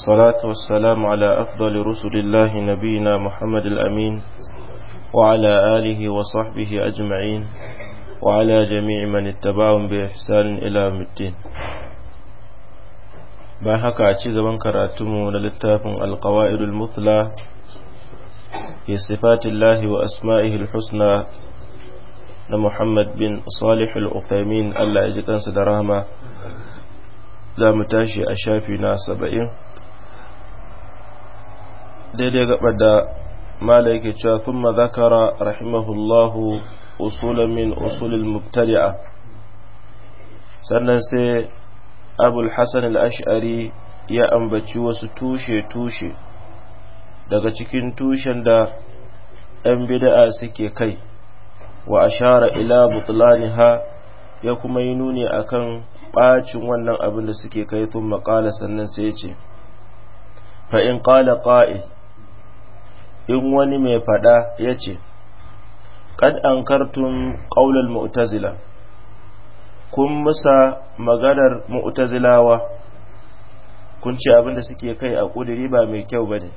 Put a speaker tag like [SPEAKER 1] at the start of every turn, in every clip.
[SPEAKER 1] الصلاة والسلام على أفضل رسل الله نبينا محمد الأمين وعلى آله وصحبه أجمعين وعلى جميع من اتبعهم بإحسان إلى الدين bayan haka a ci gaban karatunmu na littafin alkawa'idul mutla ke sifatillahi wa asma'ihil husna na muhammad bin salihul uthaymin allah ya ji kansa da rahama za mu tashi a shafi na daidai gabar da malai ke cewa thumma zakara rahimahullahu usulan min usulil mubtadi'a sannan sai abul hassan al'ashari ashari ya ambaci wasu tushe-tushe daga cikin tushen da 'yan bida'a suke kai wa ashara ila ha ya kuma yi nuni a kan ɓacin wannan abin da suke kai tun maƙala sannan sai ce in ƙala ƙa’i in wani mai faɗa ya ce kad an kartun ƙaunar mu'tazila kun musa maganar mu'tazilawa kun ce abinda suke kai a ƙudiri ba mai kyau ba ne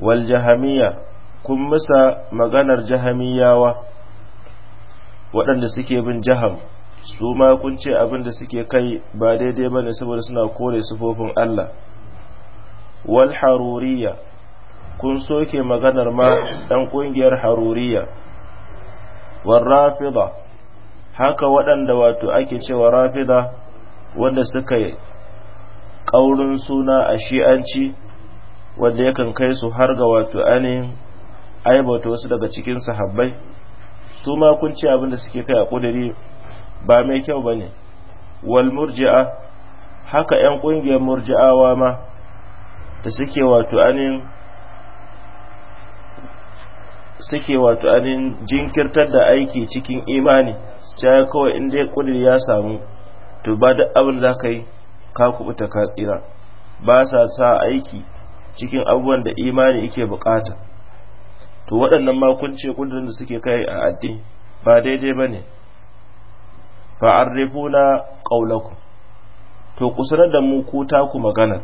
[SPEAKER 1] wal jahamiya kun musa maganar jahamiyawa waɗanda suke bin jaham su ma kun ce abinda suke kai ba daidai ba ne saboda suna kore sufofin Allah wal haruriya kun soke maganar ma ɗan ƙungiyar haruriya warrafida haka waɗanda wato ake cewa rafida wanda suka yi ƙaurin suna a shi'anci wanda yakan kai su har ga wato ainihin aibata wasu daga cikin sahabbai su ma kun ce abin suke kai a ƙudiri ba mai kyau ba ne wal murji'a haka 'yan ƙungiyar murji'awa ma da suke wato ainihin suke wato anin jinkirtar da aiki cikin imani ta kawai in dai kudir ya samu to ba duk abin da ka yi ka kubuta ka tsira ba sa sa aiki cikin abubuwan da imani yake bukata to waɗannan makunce kudirin da suke kai a addini ba daidai ba ne na ƙaulaku to kusurar da mu ku taku magana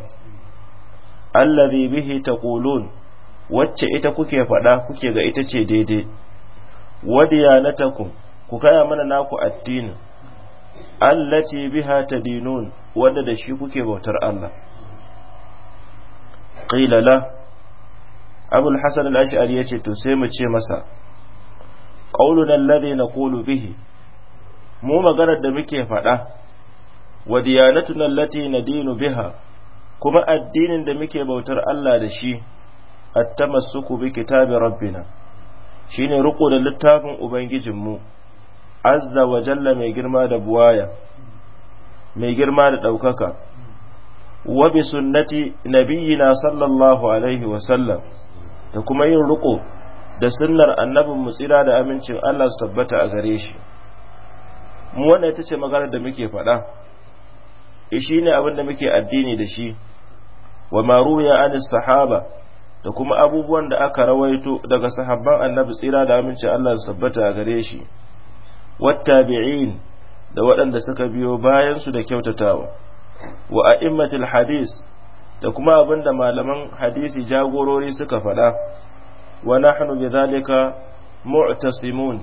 [SPEAKER 1] allazi bihi taqulun wacce ita kuke faɗa kuke ga ita ce daidai taku ku kaya mana naku addini allati biha tadinun wanda da shi kuke bautar Allah Ƙilala. la abul hasan al-ash'ari yace to sai mu ce masa qauluna na naqulu bihi mu maganar da muke faɗa wa diyanatuna allati nadinu biha kuma addinin da muke bautar Allah da shi at bi kitabi rabbina shine riƙo da littafin ubangijinmu azza wa jalla mai girma da buwaya mai girma da ɗaukaka wa bi sunnati nabiyina sallallahu alaihi wa sallam da kuma yin riƙo da sunnar annabin mu tsira da amincin Allah su tabbata a gare shi mu wannan ita ce maganar da muke faɗa shi ne abin da muke addini da shi wa ma ruya anis sahaba da kuma abubuwan da aka rawaito daga sahabban annabi tsira da aminci Allah su tabbata a gare shi wattabi'in da waɗanda suka biyo bayan su da kyautatawa wa a'immatul hadis da kuma abinda malaman hadisi jagorori suka faɗa wa nahnu bidhalika mu'tasimun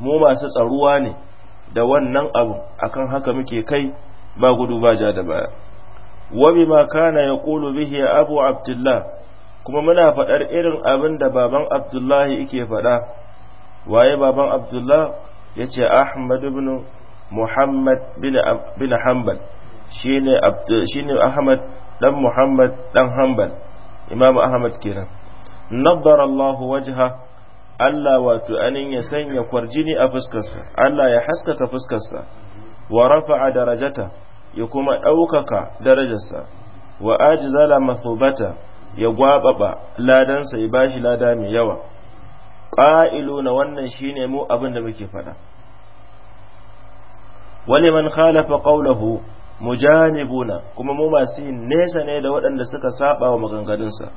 [SPEAKER 1] mu masu tsaruwa ne da wannan abu akan haka muke kai ba gudu ba ja da baya wa bima kana yaqulu bihi abu abdullah kuma muna faɗar irin abin da baban abdullahi yake faɗa waye baban Abdullahi ya ce ahmad ibn muhammad bin hanbal shi ne ahmad dan muhammad dan hanbal imam ahmad kenan nabbar allahu wajha Allah wato anin ya sanya kwarjini a fuskarsa Allah ya haskaka fuskarsa wa rafa'a darajata ya kuma ɗaukaka darajarsa wa ajzala masubata ya gwababa ladansa ya bashi lada mai yawa ƙa'ilu na wannan shine mu abin da muke faɗa wani man khalafa qawlahu mujanibuna kuma mu masu yin nesa ne da waɗanda suka saba wa maganganunsa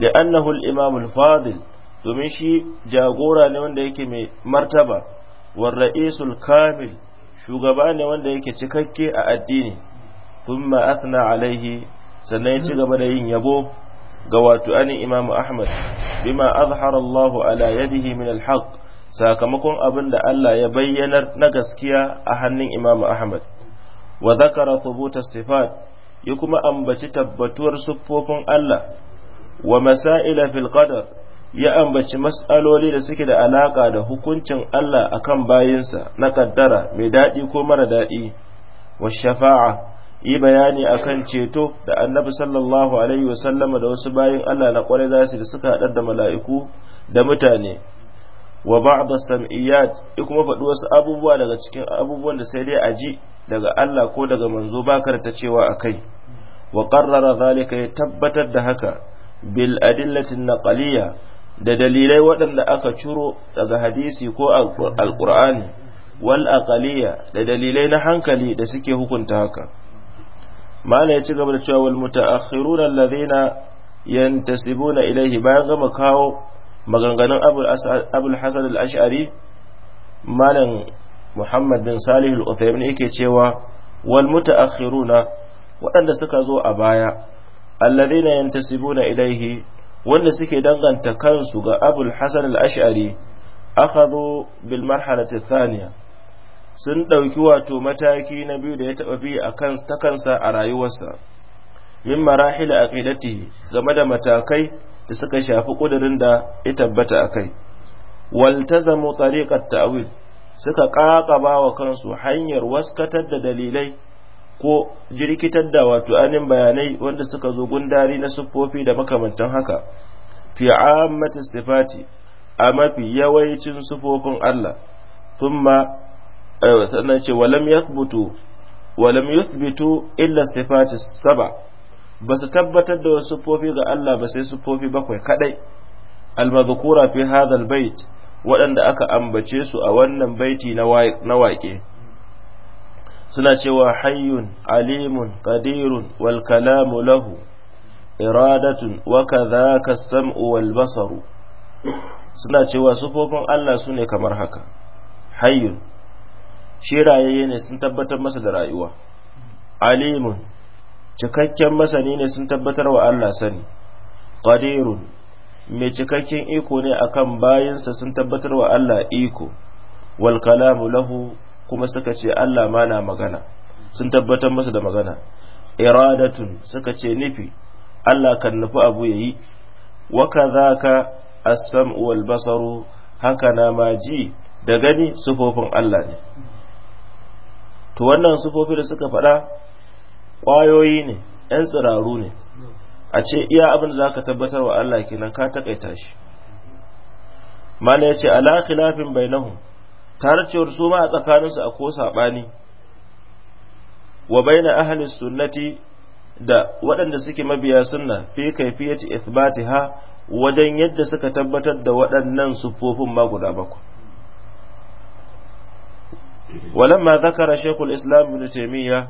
[SPEAKER 1] Da annahul imamul al-fadil domin shi jagora ne wanda yake mai martaba war ra'isul kamil shugaba ne wanda yake cikakke a addini kuma athna alaihi sannan ya ci gaba da yin yabo ga wato anin imamu ahmad bima azhara Allahu ala yadihi min alhaq sakamakon abin da Allah ya bayyanar na gaskiya a hannun imamu ahmad wa zakara thubuta sifat ya kuma ambaci tabbatuwar siffofin Allah wa masaila fil qadar ya ambaci mas'aloli da suke da alaka da hukuncin Allah akan bayinsa na kaddara mai daɗi ko mara daɗi wa shafa'a yi bayani a kan ceto da annabi sallallahu alaihi wasallama da wasu bayan Allah na kwarai za su da suka haɗar da mala'iku da mutane wa ba'da sam'iyyat ya kuma faɗi wasu abubuwa daga cikin abubuwan da sai dai a ji daga Allah ko daga manzo bakar ta cewa a kai wa qarrara zalika ya tabbatar da haka bil na naqaliya da dalilai waɗanda aka ciro daga hadisi ko alqur'ani wal aqaliyya da dalilai na hankali da suke hukunta haka mala ya ci gaba da cewa wal mutaakhiruna alladhina yantasibuna ilayhi bayan gama kawo maganganun abul hasan al-ash'ari malam muhammad bin salih al-uthaymin yake cewa wal mutaakhiruna waɗanda suka zo a baya alladhina yantasibuna ilayhi wanda suke danganta kansu ga abul hasan al-ash'ari akhadhu bil marhalati thaniya sun ɗauki wato mataki na biyu da ya taɓa bi a kan ta kansa a rayuwarsa min marahil game da matakai da suka shafi ƙudurin da ya tabbata a kai waltazamu tariqat ta'wil suka ƙaƙaba wa kansu hanyar waskatar da dalilai ko jirkitar da wato anin bayanai wanda suka zo gundari na siffofi da makamantan haka fi ammati sifati a mafi yawancin siffofin Allah thumma sannan ce walam yathbutu walam yuthbitu illa sifati saba ba su tabbatar da wasu siffofi ga Allah ba sai siffofi bakwai kadai almadhkura fi hadha albayt waɗanda aka ambace su a wannan baiti na waƙe suna cewa hayyun alimun qadirun wal kalamu lahu iradatun wa kadhaka sam'u wal basaru suna cewa sufofin Allah sune kamar haka hayyun shi rayayye ne sun tabbatar masa da rayuwa alimun cikakken masani ne sun tabbatar wa Allah sani qadirun mai cikakken iko ne akan bayansa sun tabbatar wa Allah iko wal kalamu lahu kuma suka ce Allah ma na magana sun tabbatar masa da magana iradatun suka ce nufi Allah kan nufi abu yayi wa kadhaka as-sam'u wal basaru haka na ma ji da gani sufofin Allah ne to wannan sufofi da suka faɗa ƙwayoyi ne ‘yan tsiraru ne a ce iya abin da za ka tabbatar wa Allah kenan ka taƙaita shi mala ya ce ala khilafin bainahum tare cewar su ma a tsakaninsu a ko saɓani wa baina ahli sunnati da waɗanda suke mabiya sunna fi kaifiyati ithbatiha wajen yadda suka tabbatar da waɗannan sufofin ma guda bakwai ولما ذكر شيخ Islam ابن تيمية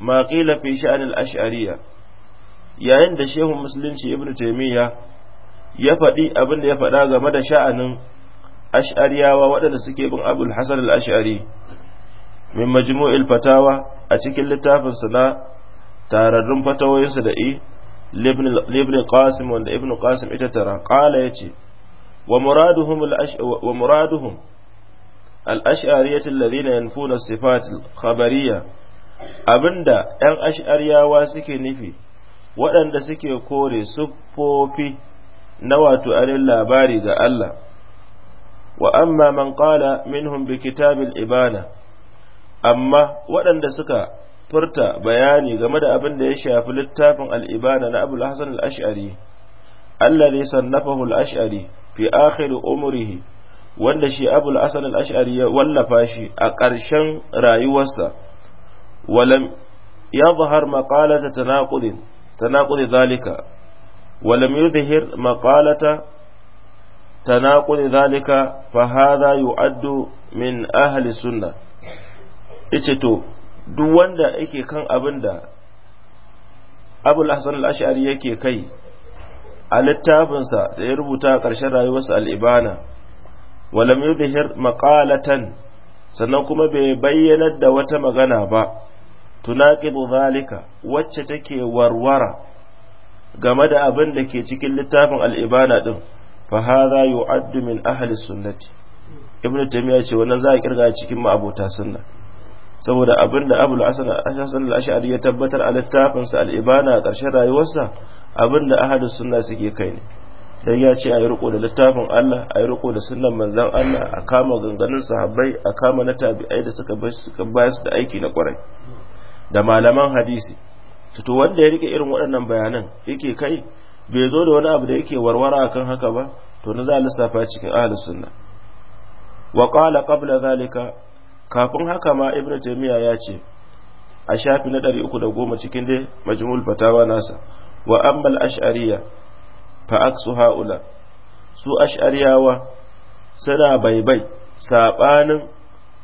[SPEAKER 1] ما قيل في شأن الأشعرية yayin da shehun musulunci ibnu taimiyya ya faɗi abin da ya faɗa game da sha'anin ash'ariyawa waɗanda suke bin abul hasan al-ash'ari min majmu'il fatawa a cikin littafin sa na tararrun fatawoyinsa da i libn qasim wanda ibnu qasim ita tara qala yace wa muraduhum wa muraduhum al-ash'ariyatul na yanfuna sifat khabariya abinda ‘yan ash'aryawa suke nufi waɗanda suke kore siffofi na wato arin labari ga Allah, wa amma man ƙala minhum bi kitabil ibada, amma waɗanda suka furta bayani game da abin da ya shafi littafin al'ibada na abul hasan al'ash'ari, Allah ne sannafahu al'ash'ari fi akhir umurihi wanda shi abul asan al-ash'ari ya wallafa shi a ƙarshen rayuwarsa walam zahar maqalata tanaqudin tanaqudi zalika walam yudhhir maqalata tanaqudi zalika fa hadha yu'addu min ahli sunnah yace to duk wanda yake kan abinda abul asan al-ash'ari yake kai a littafinsa da ya rubuta a ƙarshen rayuwarsa al-ibana walam yudhir maqalatan sannan kuma bai bayyanar da wata magana ba tunaqidu zalika wacce take warwara game da abin da ke cikin littafin al'ibana din fa hadha yu'addu min ahli sunnati ibnu taymiya ce wannan za a kirga cikin ma'abota sunna saboda abin da abul hasan al-ash'ari ya tabbatar a littafin sa al-ibana a ƙarshen rayuwarsa abin da ahli sunna suke kai ne dan ya ce a yi riko da littafin Allah a yi riko da sunan manzan Allah a kama ganganin sahabbai a kama na tabi'ai da suka bayar su da aiki na kwarai da malaman hadisi to wanda ya rike irin waɗannan bayanan yake kai bai zo da wani abu da yake warwara akan haka ba to na za a lissafa cikin ahli sunna wa qala qabla zalika kafin haka ma ibnu taymiya ya ce a shafi na 310 cikin dai majmul fatawa nasa wa ammal ash'ariyya fa aksu haula su ash'ariyawa suna baibai saɓanin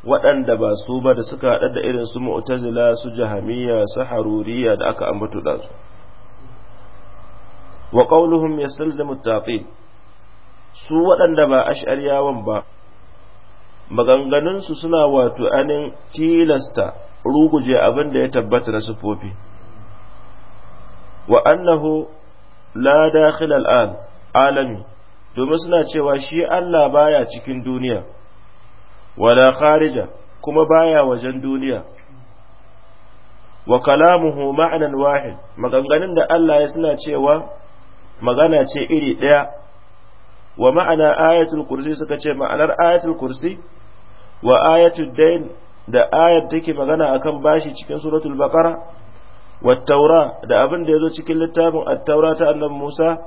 [SPEAKER 1] waɗanda ba su ba da suka haɗa da irin su mu'tazila su jahamiyya su haruriya da aka ambato da su wa qawluhum yastalzimu at su waɗanda ba ash'ariyawan ba maganganunsu suna wato anin tilasta ruguje abinda ya tabbata na sufofi wa annahu la dakhil al'an alami domin suna cewa shi Allah baya cikin duniya wala kharija kuma baya wajen duniya wa kalamuhu ma'anan wahid maganganun da Allah ya suna cewa magana ce iri ɗaya wa ma'ana ayatul kursi suka ce ma'anar ayatul kursi wa ayatul dain da ayat take magana akan bashi cikin suratul baqara wattaura da abin da ya zo cikin littafin attaura ta annabi musa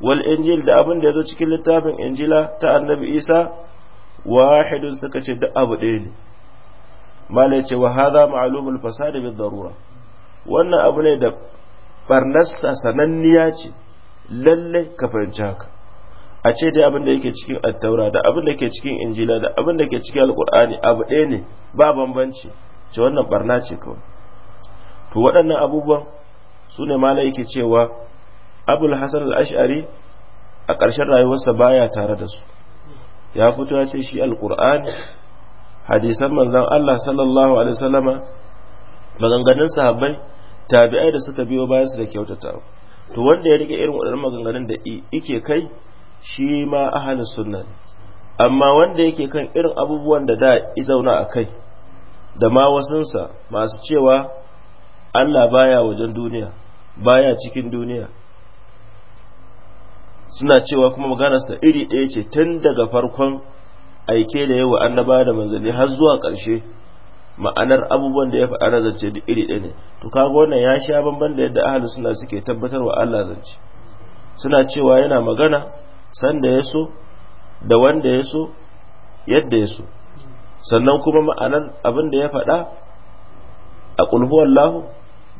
[SPEAKER 1] wal injil da abin da ya zo cikin littafin injila ta annabi isa wahidun suka ce duk abu ɗaya ne malai ce wa hadha ma'lumul fasad bi darura wannan abu ne da barnarsa sananniya ce lalle ka fahimci haka a ce dai abin da yake cikin attaura da abin da ke cikin injila da abin da ke cikin alkur'ani abu ɗaya ne ba bambanci ce wannan barna ce kawai to waɗannan abubuwan su ne mala yake cewa abul hasan al-ash'ari a ƙarshen rayuwarsa baya tare da su ya fito ya ce shi alƙur'ani hadisan manzan Allah sallallahu alaihi wasallama maganganun sahabbai tabi'ai da suka biyo bayan su da kyautata to wanda ya rike irin waɗannan maganganun da ike kai shi ma ahalin sunna ne amma wanda yake kan irin abubuwan da da zauna a kai da ma wasunsa masu cewa Allah baya wajen duniya baya cikin duniya suna cewa kuma maganarsa iri ɗaya ce tun daga farkon aike da yawa annaba da manzanni har zuwa ƙarshe ma'anar abubuwan da ya faɗa na zance duk iri ɗaya ne to kaga wannan ya sha bamban da yadda ahlus suna suke tabbatar wa Allah zance suna cewa yana magana sanda ya so da wanda ya so yadda ya so sannan kuma ma'anar abin da ya faɗa a kulhuwallahu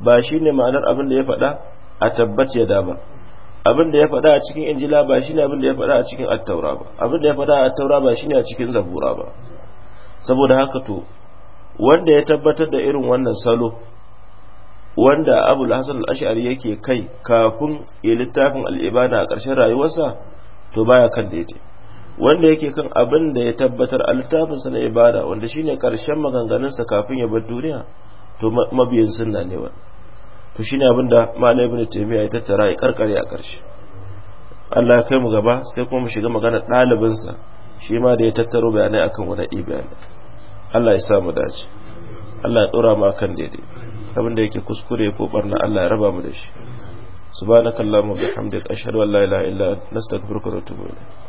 [SPEAKER 1] ba shine ma'anar abin da ya faɗa a tabbace da ba abin da ya faɗa a cikin injila ba shine abin da ya faɗa a cikin attaura ba abin da ya faɗa a attaura ba shine a cikin zabura ba saboda haka to wanda ya tabbatar da irin wannan salo wanda abul hasan al-ash'ari yake kai kafin ya littafin al ibada a ƙarshen rayuwarsa to baya kan daidai wanda yake kan abin da ya tabbatar a littafinsa na ibada wanda shine ƙarshen maganganunsa kafin ya bar duniya to mabiyin sunna ne ba to shine abin da malam ibn taymiya ya tattara ya karkare a karshe Allah ya kai mu gaba sai kuma mu shiga magana ɗalibinsa shi ma da ya tattaro bayanai akan wani bayanai Allah ya sa mu dace Allah ya dora mu kan daidai abin da yake kuskure ko barna Allah ya raba mu da shi subhanakallahumma bihamdika ashhadu an la ilaha illa anta astaghfiruka wa atubu ilayk